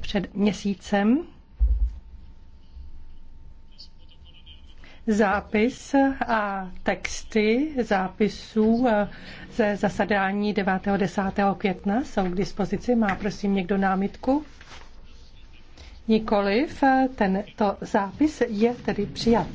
před měsícem. Zápis a texty zápisů eh, ze zasadání 9. 10. května jsou k dispozici. Má prosím někdo námitku? Nikoliv, tento zápis je tedy přijat.